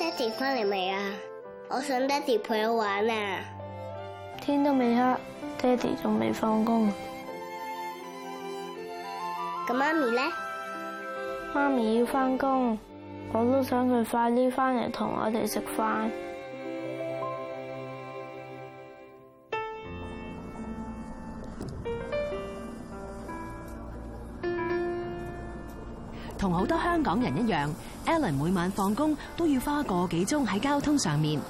爹哋翻嚟未啊？我想爹哋陪我玩啊！天都未黑，爹哋仲未放工。咁媽咪咧？媽咪要翻工，我都想佢快啲翻嚟同我哋食飯。多香港人一樣 Allen 每晚放工都要花個幾鐘喺交通上面。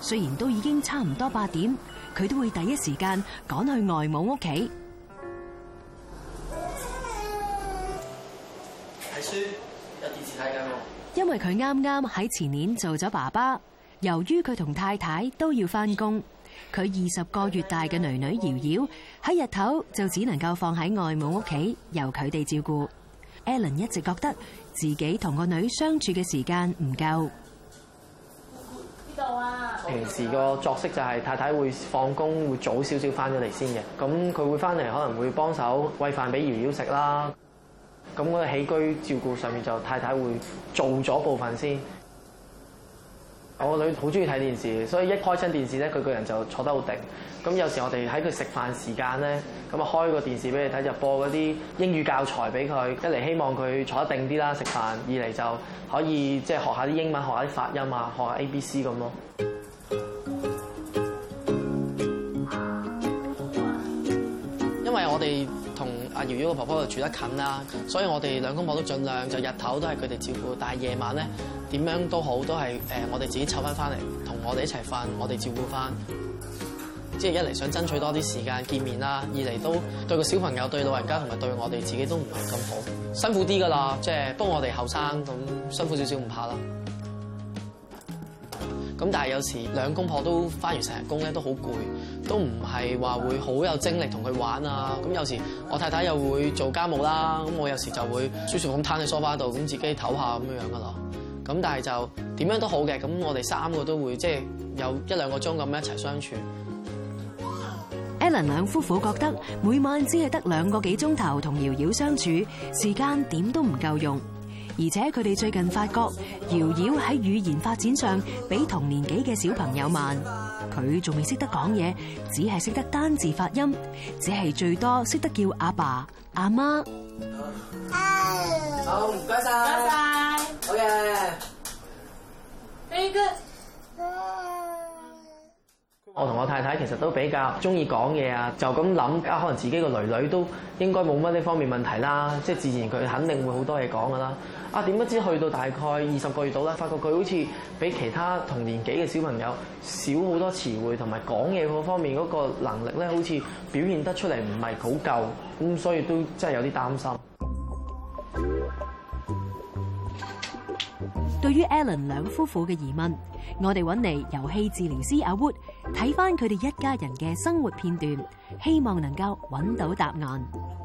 雖然都已經差唔多八點，佢都會第一時間趕去外母屋企睇書，有電視睇緊。因為佢啱啱喺前年做咗爸爸，由於佢同太太都要返工，佢二十個月大嘅囡囡堯堯喺日頭就只能夠放喺外母屋企，由佢哋照顧。Allen 一直覺得。自己同個女相處嘅時間唔夠。平時個作息就係太太會放工會早少少翻咗嚟先嘅，咁佢會翻嚟可能會幫手餵飯俾瑤瑤食啦。咁嗰個起居照顧上面就太太會做咗部分先。我個女好中意睇電視，所以一開親電視咧，佢個人就坐得好定。咁有時我哋喺佢食飯時間咧，咁啊開個電視俾佢睇，就播嗰啲英語教材俾佢，一嚟希望佢坐得定啲啦食飯，二嚟就可以即係學下啲英文，學下啲發音啊，學下 A B C 咁咯。阿堯堯個婆婆就住得近啦，所以我哋兩公婆都儘量就日頭都係佢哋照顧，但係夜晚咧點樣都好都係誒、呃、我哋自己湊翻翻嚟，同我哋一齊瞓，我哋照顧翻。即係一嚟想爭取多啲時間見面啦，二嚟都對個小朋友、對老人家同埋對我哋自己都唔係咁好，辛苦啲㗎啦。即係不過我哋後生咁辛苦少少唔怕啦。咁但係有時兩公婆都翻完成日工咧，都好攰，都唔係話會好有精力同佢玩啊！咁有時我太太又會做家務啦，咁我有時就會舒舒服服咁攤喺梳化度，咁自己唞下咁樣樣噶啦。咁但係就點樣都好嘅，咁我哋三個都會即係、就是、有一兩個鐘咁一齊相處。Alan 兩夫婦覺得每晚只係得兩個幾鐘頭同堯堯相處，時間點都唔夠用。而且佢哋最近發覺，堯堯喺語言發展上比同年紀嘅小朋友慢。佢仲未識得講嘢，只係識得單字發音，只係最多識得叫阿爸、阿媽。好唔該晒！唔該晒，好嘅，thank you。我同我太太其實都比較中意講嘢啊，就咁諗啊，可能自己個女女都應該冇乜呢方面問題啦，即係自然佢肯定會好多嘢講噶啦。啊，點不知去到大概二十個月到啦，發覺佢好似比其他同年紀嘅小朋友少好多詞彙，同埋講嘢嗰方面嗰個能力咧，好似表現得出嚟唔係好夠，咁所以都真係有啲擔心。對於 Allen 兩夫婦嘅疑問，我哋揾嚟遊戲治療師阿 Wood 睇翻佢哋一家人嘅生活片段，希望能夠揾到答案。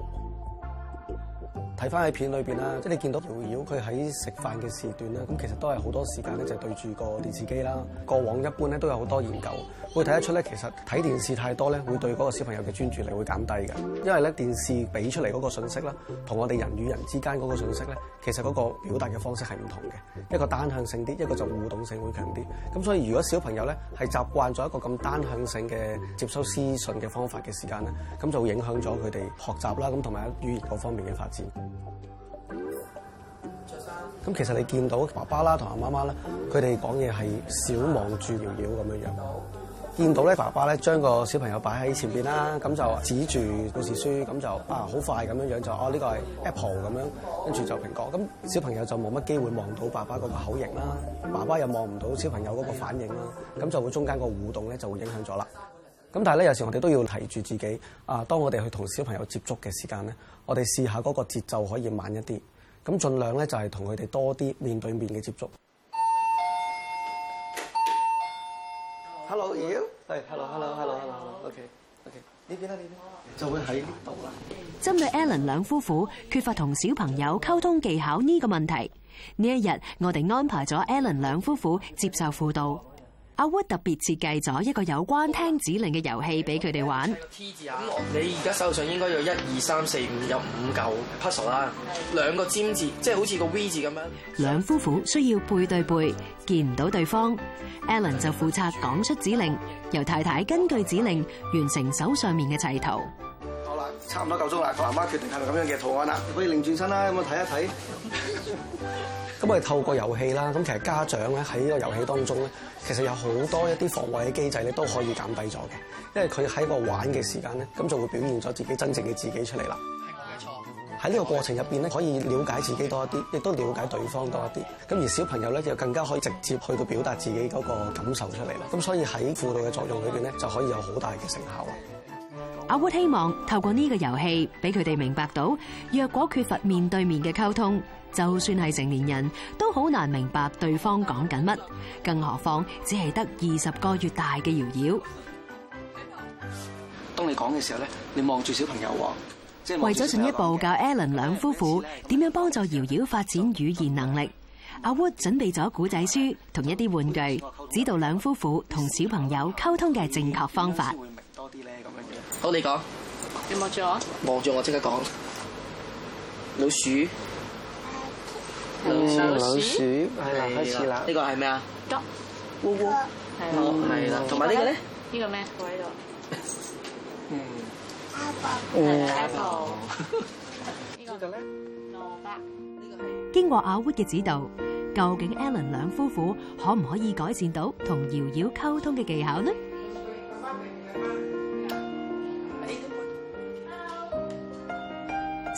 睇翻喺片裏面啦，即係你見到瑤瑤佢喺食飯嘅時段啦，咁其實都係好多時間咧就對住個電視機啦。過往一般咧都有好多研究會睇得出咧，其實睇電視太多咧，會對嗰個小朋友嘅專注力會減低嘅。因為咧電視俾出嚟嗰個信息啦，同我哋人與人之間嗰個信息咧，其實嗰個表達嘅方式係唔同嘅，一個單向性啲，一個就互動性會強啲。咁所以如果小朋友咧係習慣咗一個咁單向性嘅接收私訊嘅方法嘅時間咧，咁就會影響咗佢哋學習啦，咁同埋語言嗰方面嘅發展。咁其實你見到爸爸啦同阿媽媽咧，佢哋講嘢係少望住堯堯咁樣樣。見到咧，爸爸咧將個小朋友擺喺前邊啦，咁就指住故事書，咁就啊好快咁樣樣就哦呢個係 apple 咁樣，跟住就蘋果。咁小朋友就冇乜機會望到爸爸嗰個口型啦，爸爸又望唔到小朋友嗰個反應啦，咁就會中間個互動咧就會影響咗啦。咁但係咧，有時我哋都要提住自己啊！當我哋去同小朋友接觸嘅時間咧，我哋試下嗰個節奏可以慢一啲，咁盡量咧就係同佢哋多啲面對面嘅接觸。Hello，Yeo，係，hello，hello，hello，hello，OK，OK，你幾多點就會喺度啦。針對 Allen 兩夫婦缺乏同小朋友溝通技巧呢個問題，呢一日我哋安排咗 Allen 兩夫婦接受輔導。阿 Wood 特別設計咗一個有關聽指令嘅遊戲俾佢哋玩。咁你而家手上應該有一二三四五，有五嚿 puzzle 啦，兩個尖字，即係好似個 V 字咁樣。兩夫婦需要背對背，見唔到對方。Alan 就負責講出指令，由太太根據指令完成手上面嘅砌圖。好啦，差唔多夠鐘啦，爸爸媽媽決定係咪咁樣嘅圖案啦？可以擰轉身啦，咁我睇一睇。 咁啊，為透過遊戲啦，咁其實家長咧喺呢個遊戲當中咧，其實有好多一啲防衛嘅機制咧都可以減低咗嘅，因為佢喺個玩嘅時間咧，咁就會表現咗自己真正嘅自己出嚟啦。係我嘅錯。喺呢個過程入面咧，可以了解自己多一啲，亦都了解對方多一啲。咁而小朋友咧，就更加可以直接去到表達自己嗰個感受出嚟啦。咁所以喺輔導嘅作用裏面咧，就可以有好大嘅成效啦。阿 Wood 希望透過呢個遊戲，俾佢哋明白到，若果缺乏面對面嘅溝通，就算係成年人都好難明白對方講緊乜，更何況只係得二十個月大嘅瑤瑤。當你講嘅時候咧，你望住小朋友，即係為咗進一步教 Ellen 兩夫婦點樣幫助瑤瑤發展語言能力，阿、嗯嗯嗯、Wood 準備咗古仔書同一啲玩具，指導兩夫婦同小朋友溝通嘅正確方法。好，你講。你望住我。望住我，即刻講。老鼠。老鼠。老鼠。係啦，開始啦。呢個係咩啊？G。烏烏。係啦，同埋呢個咧？呢個咩？我喺度。嗯。F。F。呢個咧？六八。呢個係。經過阿 Wit 嘅指導，究竟 Ellen 兩夫婦可唔可以改善到同瑤瑤溝通嘅技巧呢？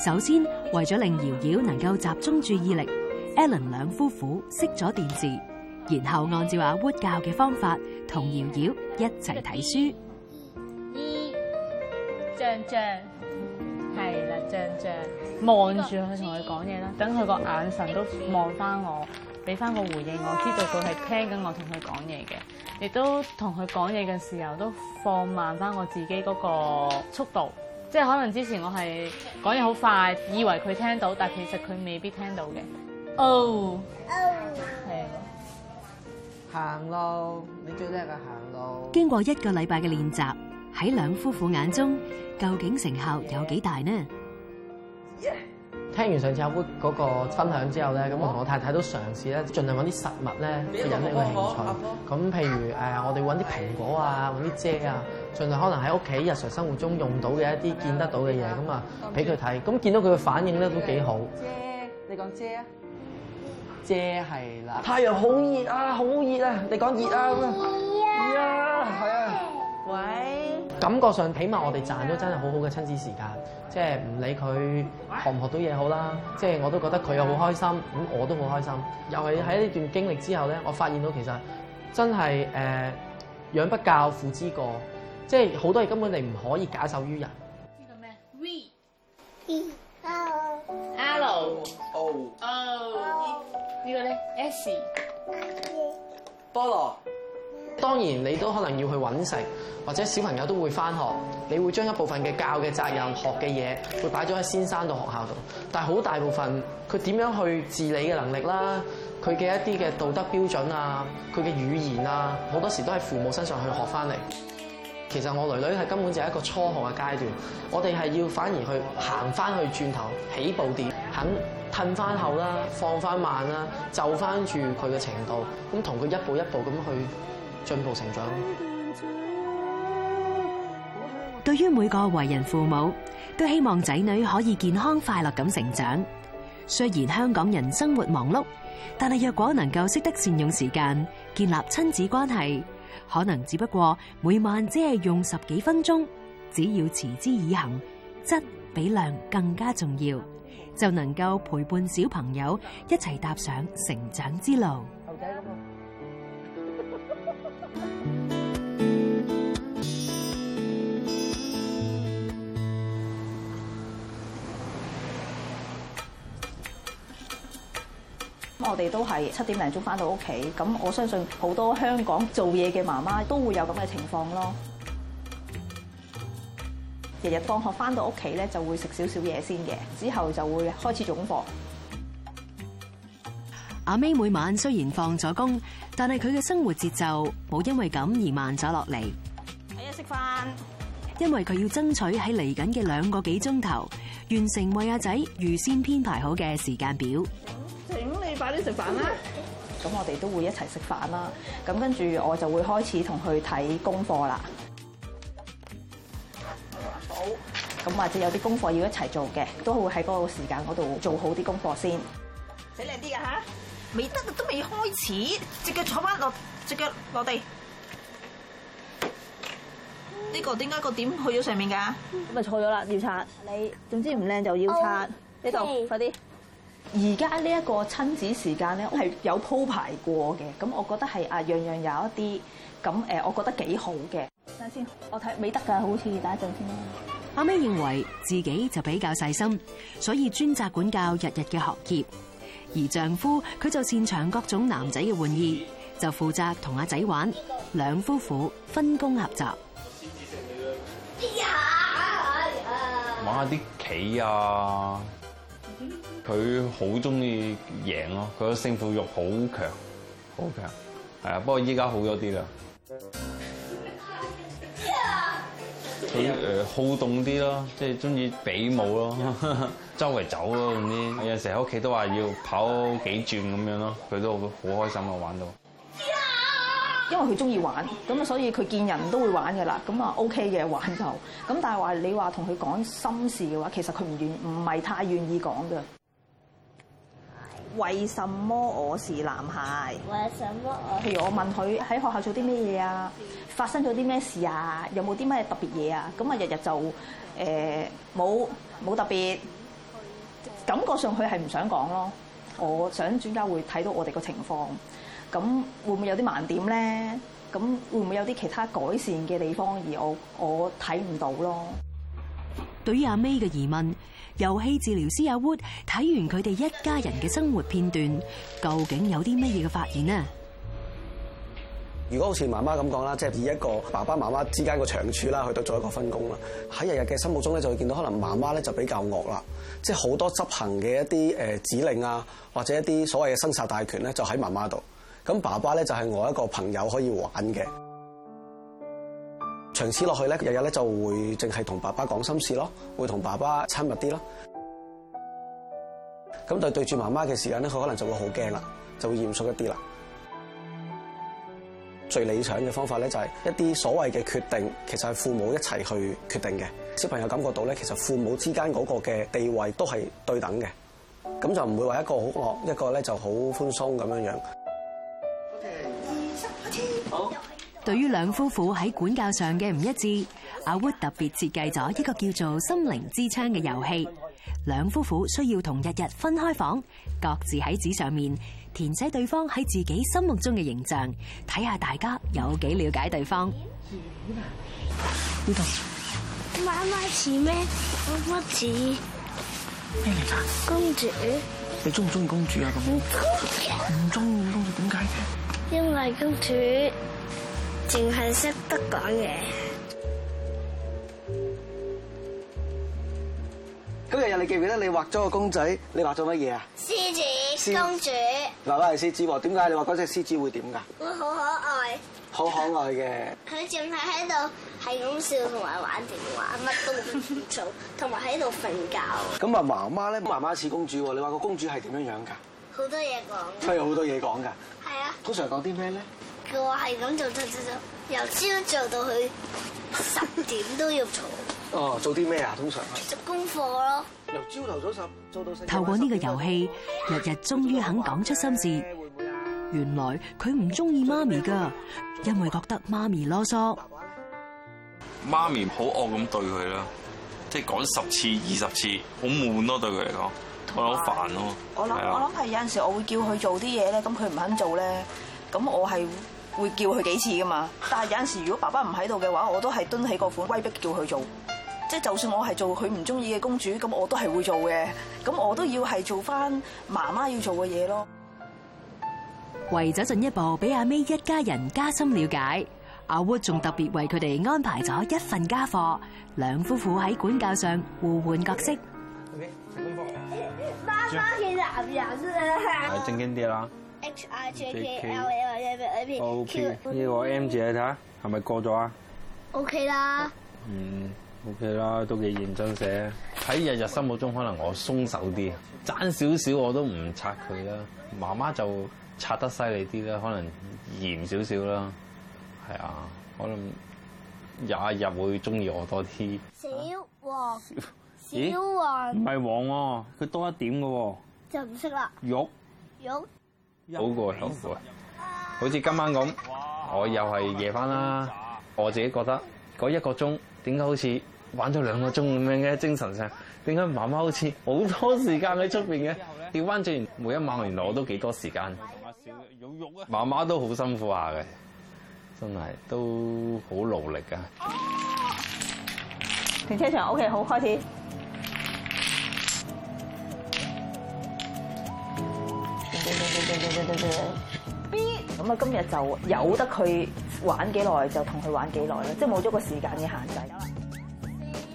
首先，為咗令堯堯能夠集中注意力，Alan 兩夫婦熄咗電視，然後按照阿 Wood 教嘅方法，跟堯堯看看他跟他，同堯堯一齊睇書。一，象象，係啦，象象，望住佢同佢講嘢啦，等佢個眼神都望翻我，俾翻個回應，我知道佢係聽緊我同佢講嘢嘅，亦都同佢講嘢嘅時候都放慢翻我自己嗰個速度。即係可能之前我係講嘢好快，以為佢聽到，但其實佢未必聽到嘅。哦，哦，係。行路，你最叻嘅行路。經過一個禮拜嘅練習，喺兩夫婦眼中，究竟成效有幾大呢？Yeah. 聽完上次阿 w 嗰個分享之後咧，咁我同我太太都嘗試咧，盡量搵啲實物咧去引起佢興趣。咁譬如誒，我哋搵啲蘋果啊，搵啲遮啊，盡量可能喺屋企日常生活中用到嘅一啲見得到嘅嘢，咁啊俾佢睇。咁見到佢嘅反應咧都幾好。遮，你講遮啊？遮係啦。太陽好熱啊！好熱啊！你講熱啊？熱啊！係啊！喂！感覺上，起碼我哋賺咗真係好好嘅親子時間，即係唔理佢學唔學到嘢好啦，即係我都覺得佢又好開心，咁我都好開心。又係喺呢段經歷之後咧，我發現到其實真係誒、呃，養不教父之過，即係好多嘢根本你唔可以假手於人。呢個咩 e L L O O，o。呢個咧 S，菠蘿。當然，你都可能要去揾食，或者小朋友都會翻學，你會將一部分嘅教嘅責任、學嘅嘢，會擺咗喺先生到學校度。但係好大部分，佢點樣去自理嘅能力啦，佢嘅一啲嘅道德標準啊，佢嘅語言啊，好多時都喺父母身上去學翻嚟。其實我女女係根本就係一個初學嘅階段，我哋係要反而去行翻去轉頭起步點，肯褪翻後啦，放翻慢啦，就翻住佢嘅程度，咁同佢一步一步咁去。進步成長。對於每個為人父母，都希望仔女可以健康快樂咁成長。雖然香港人生活忙碌，但係若果能夠識得善用時間，建立親子關係，可能只不過每晚只係用十幾分鐘，只要持之以恆，質比量更加重要，就能夠陪伴小朋友一齊踏上成長之路。我哋都係七點零鐘翻到屋企，咁我相信好多香港做嘢嘅媽媽都會有咁嘅情況咯。日日放學翻到屋企咧，就會食少少嘢先嘅，之後就會開始總課。阿 May 每晚雖然放咗工，但係佢嘅生活節奏冇因為咁而慢咗落嚟。喺度食飯，因為佢要爭取喺嚟緊嘅兩個幾鐘頭完成為阿仔預先編排好嘅時間表。快啲食飯啦！咁我哋都會一齊食飯啦。咁跟住我就會開始同佢睇功課啦。好。咁或者有啲功課要一齊做嘅，都會喺嗰個時間嗰度做好啲功課先。寫靚啲㗎吓？未得都未開始，隻腳坐返落，隻腳落地。呢個點解個點去咗上面㗎？咪錯咗啦，要擦。你。總之唔靚就要擦呢度，快啲。而家呢一個親子時間咧，我係有鋪排過嘅。咁我覺得係啊，樣樣有一啲。咁誒，我覺得幾好嘅。等先，我睇美得嘅好似等一陣先。阿 May 認為自己就比較細心，所以專責管教日日嘅學業。而丈夫佢就擅長各種男仔嘅玩意，就負責同阿仔玩。兩夫婦分工合作。先至食嘢啦。玩下啲棋啊！佢好中意贏咯，佢嘅勝負欲好強，好強，係啊。不過依家好咗啲啦。佢誒好動啲咯，即係中意比武咯，周圍走咯咁啲。有陣時喺屋企都話要跑幾轉咁樣咯，佢都好開心啊，玩到。因為佢中意玩，咁啊，所以佢見人都會玩嘅啦。咁啊，OK 嘅玩就，咁但係話你話同佢講心事嘅話，其實佢唔願唔係太願意講嘅。為什麼我是男孩？為什麼我？譬如我問佢喺學校做啲咩嘢啊？發生咗啲咩事啊？有冇啲咩特別嘢啊？咁啊，日日就誒冇冇特別，做感覺上佢係唔想講咯。我想專家會睇到我哋個情況。咁會唔會有啲盲點咧？咁會唔會有啲其他改善嘅地方而我我睇唔到咯？對於阿 May 嘅疑問，遊戲治療師阿 Wood 睇完佢哋一家人嘅生活片段，究竟有啲乜嘢嘅發現呢？如果好似媽媽咁講啦，即係以一個爸爸媽媽之間嘅長處啦，去到做一個分工啦。喺日日嘅心目中咧，就會見到可能媽媽咧就比較惡啦，即係好多執行嘅一啲誒指令啊，或者一啲所謂嘅生殺大權咧，就喺媽媽度。咁爸爸咧就係我一個朋友可以玩嘅，長此落去咧，日日咧就會淨係同爸爸講心事咯，會同爸爸親密啲咯。咁對對住媽媽嘅時間咧，佢可能就會好驚啦，就會嚴肅一啲啦。最理想嘅方法咧，就係一啲所謂嘅決定，其實係父母一齊去決定嘅。小朋友感覺到咧，其實父母之間嗰個嘅地位都係對等嘅，咁就唔會話一個好惡，一個咧就好寬鬆咁樣樣。對於兩夫婦喺管教上嘅唔一致，阿 Wood 特別設計咗一個叫做心靈之窗嘅遊戲。兩夫婦需要同日日分開房，各自喺紙上面填寫對方喺自己心目中嘅形象，睇下大家有幾了解對方。呢度媽媽似咩？我乜似咩公主。你中唔中意公主啊？唔中意。唔中意公主點解嘅？為因為公主。淨係識得講嘢。今日你記唔記得你畫咗個公仔？你畫咗乜嘢啊？獅子公主。爸爸係獅子喎，點解你話嗰隻獅子會點噶？會好可愛。好可愛嘅。佢淨係喺度係咁笑同埋玩電話，乜都唔做，同埋喺度瞓覺。咁啊，媽媽咧，媽媽似公主喎。你話個公主係點樣樣噶？好多嘢講。佢有好多嘢講噶。係啊的。通常講啲咩咧？我係咁做做做做，由朝做到去十點都要做。哦， 做啲咩啊？通常做功課咯。由朝頭早十做到。透過呢個遊戲，日日終於肯講出心事。原來佢唔中意媽咪噶，因為覺得媽咪囉嗦。媽咪好惡咁對佢啦，即係講十次二十次，好悶咯，對佢嚟講，有我好煩咯。我諗想是的 我諗係有陣時，我會叫佢做啲嘢咧，咁佢唔肯做咧，咁我係。會叫佢幾次噶嘛？但係有陣時候，如果爸爸唔喺度嘅話，我都係蹲喺嗰款威逼叫佢做，即係就算我係做佢唔中意嘅公主，咁我都係會做嘅。咁我都要係做翻媽媽要做嘅嘢咯。為咗進一步俾阿 May 一家人加深了解，阿 Wood 仲特別為佢哋安排咗一份家課，兩夫婦喺管教上互換角色。媽媽今日阿表子，正經啲啦。H I J K L O K 呢個 M 字你睇下係咪過咗啊？O K 啦。Okay、了嗯，O K 啦，都幾認真寫。喺日日心目中，可能我鬆手啲啊，爭少少我都唔拆佢啦。媽媽就拆得犀利啲啦，可能嚴少少啦。係啊，可能有一日會中意我多啲。小王，小王，唔係王喎，佢、啊、多一點嘅喎。就唔識啦。玉肉。玉。好過辛苦啊！好似今晚咁，哇我又係夜翻啦。我自己覺得嗰一個鐘，點解好似玩咗兩個鐘咁樣嘅精神上？點解媽媽好似好多時間喺出邊嘅？調翻轉每一晚，原來我都幾多時間。媽媽都好辛苦下嘅，真係都好勞力噶。停車場 OK，好，好開始。B，咁啊，今日就由得佢玩幾耐就同佢玩幾耐啦，即係冇咗個時間嘅限制。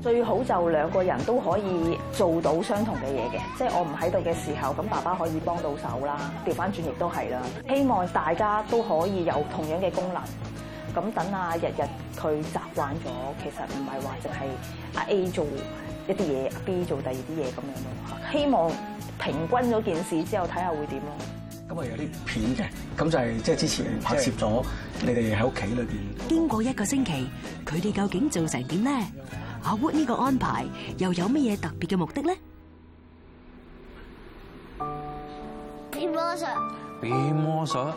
最好就兩個人都可以做到相同嘅嘢嘅，即係我唔喺度嘅時候，咁爸爸可以幫到手啦。調翻轉亦都係啦，希望大家都可以有同樣嘅功能。咁等啊，日日佢習慣咗，其實唔係話淨係阿 A 做。一啲嘢，阿 B 做第二啲嘢咁樣咯。希望平均咗件事之後，睇下會點咯。咁啊，有啲片嘅，咁就係即係之前拍攝咗你哋喺屋企裏邊。經過一個星期，佢哋究竟做成點咧？阿 Wood 呢個安排又有乜嘢特別嘅目的咧？變魔術，變魔術。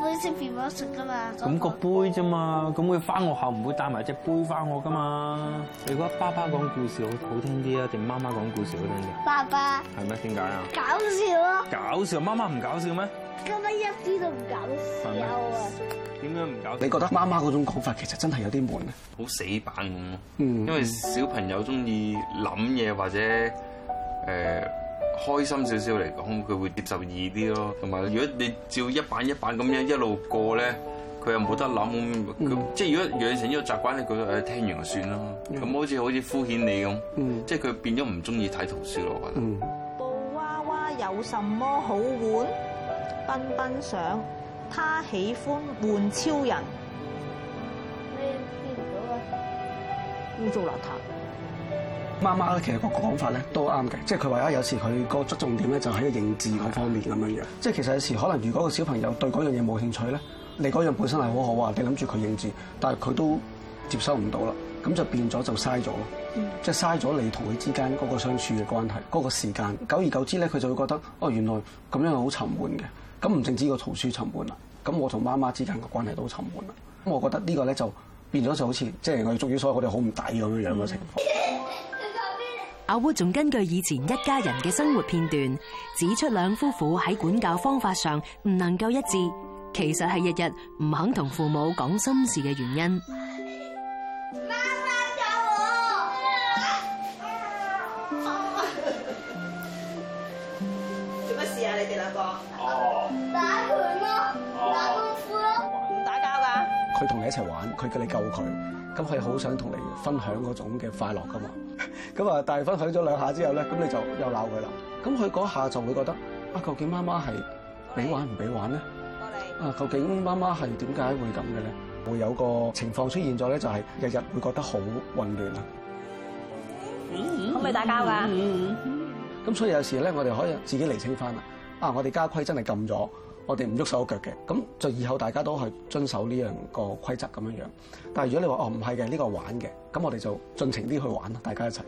杯識麵包食噶嘛？咁個杯啫嘛，咁佢翻學校唔會帶埋隻杯翻我噶嘛？你覺得爸爸講故事好好聽啲啊，定媽媽講故事好聽啲？爸爸係咩？點解啊？搞笑咯！搞笑，媽媽唔搞笑咩？根本一啲都唔搞笑啊！點解唔搞？你覺得媽媽嗰種講法其實真係有啲悶呀，好死板咁咯。嗯，因為小朋友中意諗嘢或者誒。呃開心少少嚟講，佢會接受易啲咯。同埋如果你照一版一版咁樣一路過咧，佢又冇得諗咁。即係如果養成呢個習慣，你佢誒聽完就算咯。咁、嗯、好似好似敷衍你咁，嗯、即係佢變咗唔中意睇圖書咯。嗯、我覺得。布娃娃有什麼好玩？彬彬想他喜歡玩超人。聽唔到啊？污糟邋遢。媽媽咧，其實個講法咧都啱嘅，即係佢話啊，有時佢個側重點咧就喺個認字嗰方面咁樣樣。即係其實有時可能，如果個小朋友對嗰樣嘢冇興趣咧，你嗰樣本身係好好呀，你諗住佢認字，但係佢都接收唔到啦，咁就變咗就嘥咗。嗯。即係嘥咗你同佢之間嗰個相處嘅關係，嗰、嗰個時間，久而久之咧，佢就會覺得哦，原來咁樣係好沉悶嘅。咁唔淨止個圖書沉悶啦，咁我同媽媽之間嘅關係都沉悶啦。咁我覺得呢個咧就變咗就好似即係我哋中於所有我哋好唔抵咁樣樣嘅情況。阿烏仲根據以前一家人嘅生活片段，指出兩夫婦喺管教方法上唔能夠一致，其實係日日唔肯同父母講心事嘅原因。媽媽救我！做乜事啊？你哋兩個？打拳咯，打功夫咯，唔打交噶。佢同你一齊玩，佢叫你救佢。咁佢好想同你分享嗰種嘅快樂噶嘛？咁啊、嗯，但係分享咗兩下之後咧，咁、嗯、你就又鬧佢啦。咁佢嗰下就會覺得啊，究竟媽媽係俾玩唔俾玩咧？啊、嗯，究竟媽媽係點解會咁嘅咧？會有個情況出現咗咧，就係日日會覺得好混亂啊！可唔可以打交㗎？咁、嗯嗯、所以有時咧，我哋可以自己釐清翻啦。啊，我哋家規真係禁咗。我哋唔喐手喐腳嘅，咁就以後大家都係遵守呢樣個規則咁樣樣。但係如果你話哦唔係嘅，呢個玩嘅，咁我哋就盡情啲去玩啦，大家一齊。呢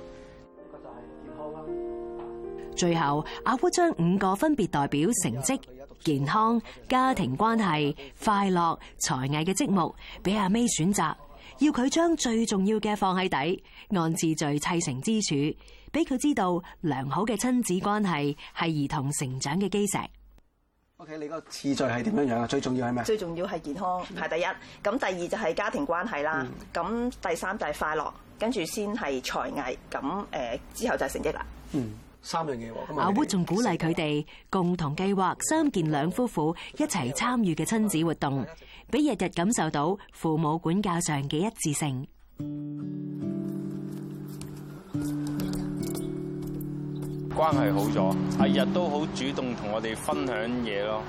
個就係健康啦。最後，阿烏將五個分別代表成績、健康、家庭關係、快樂、才藝嘅積木，俾阿 May 選擇，要佢將最重要嘅放喺底，按次序砌成支柱，俾佢知道良好嘅親子關係係兒童成長嘅基石。O.K.，你個次序係點樣樣啊？最重要係咩？最重要係健康排第一，咁第二就係家庭關係啦，咁、嗯、第三就係快樂，跟住先係才藝，咁誒之後就係成績啦。嗯，三樣嘢。你阿屋仲鼓勵佢哋共同計劃三件兩夫婦一齊參與嘅親子活動，俾日日感受到父母管教上嘅一致性。嗯嗯關係好咗，日日都好主動同我哋分享嘢咯。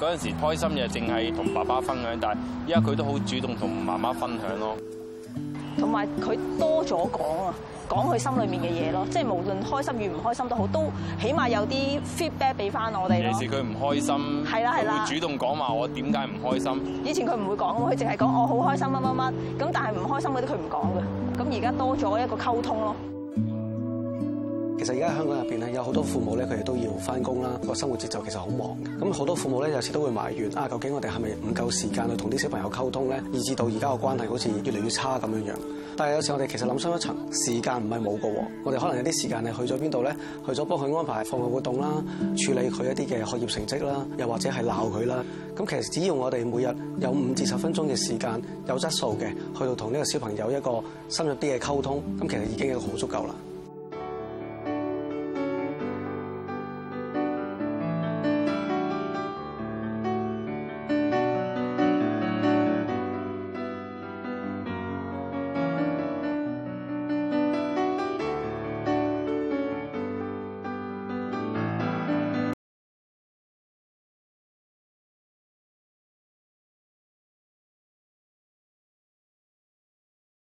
嗰陣時開心嘅淨係同爸爸分享，但係依家佢都好主動同媽媽分享咯。同埋佢多咗講啊，講佢心裏面嘅嘢咯，即係無論開心與唔開心都好，都起碼有啲 feedback 俾翻我哋咯。尤其是佢唔開心，係啦，係啦，會主動講話我點解唔開心。以前佢唔會講喎，佢淨係講我好開心乜乜乜，咁、嗯嗯嗯嗯、但係唔開心嗰啲佢唔講嘅，咁而家多咗一個溝通咯。其實而家香港入邊咧，有好多父母咧，佢哋都要翻工啦，個生活節奏其實好忙，咁好多父母咧，有時都會埋怨啊，究竟我哋係咪唔夠時間去同啲小朋友溝通咧？以至到而家個關係好似越嚟越差咁樣樣。但係有時我哋其實諗深一層，時間唔係冇噶，我哋可能有啲時間係去咗邊度咧？去咗幫佢安排課外活動啦，處理佢一啲嘅學業成績啦，又或者係鬧佢啦。咁其實只要我哋每日有五至十分鐘嘅時間，有質素嘅去到同呢個小朋友一個深入啲嘅溝通，咁其實已經係好足夠啦。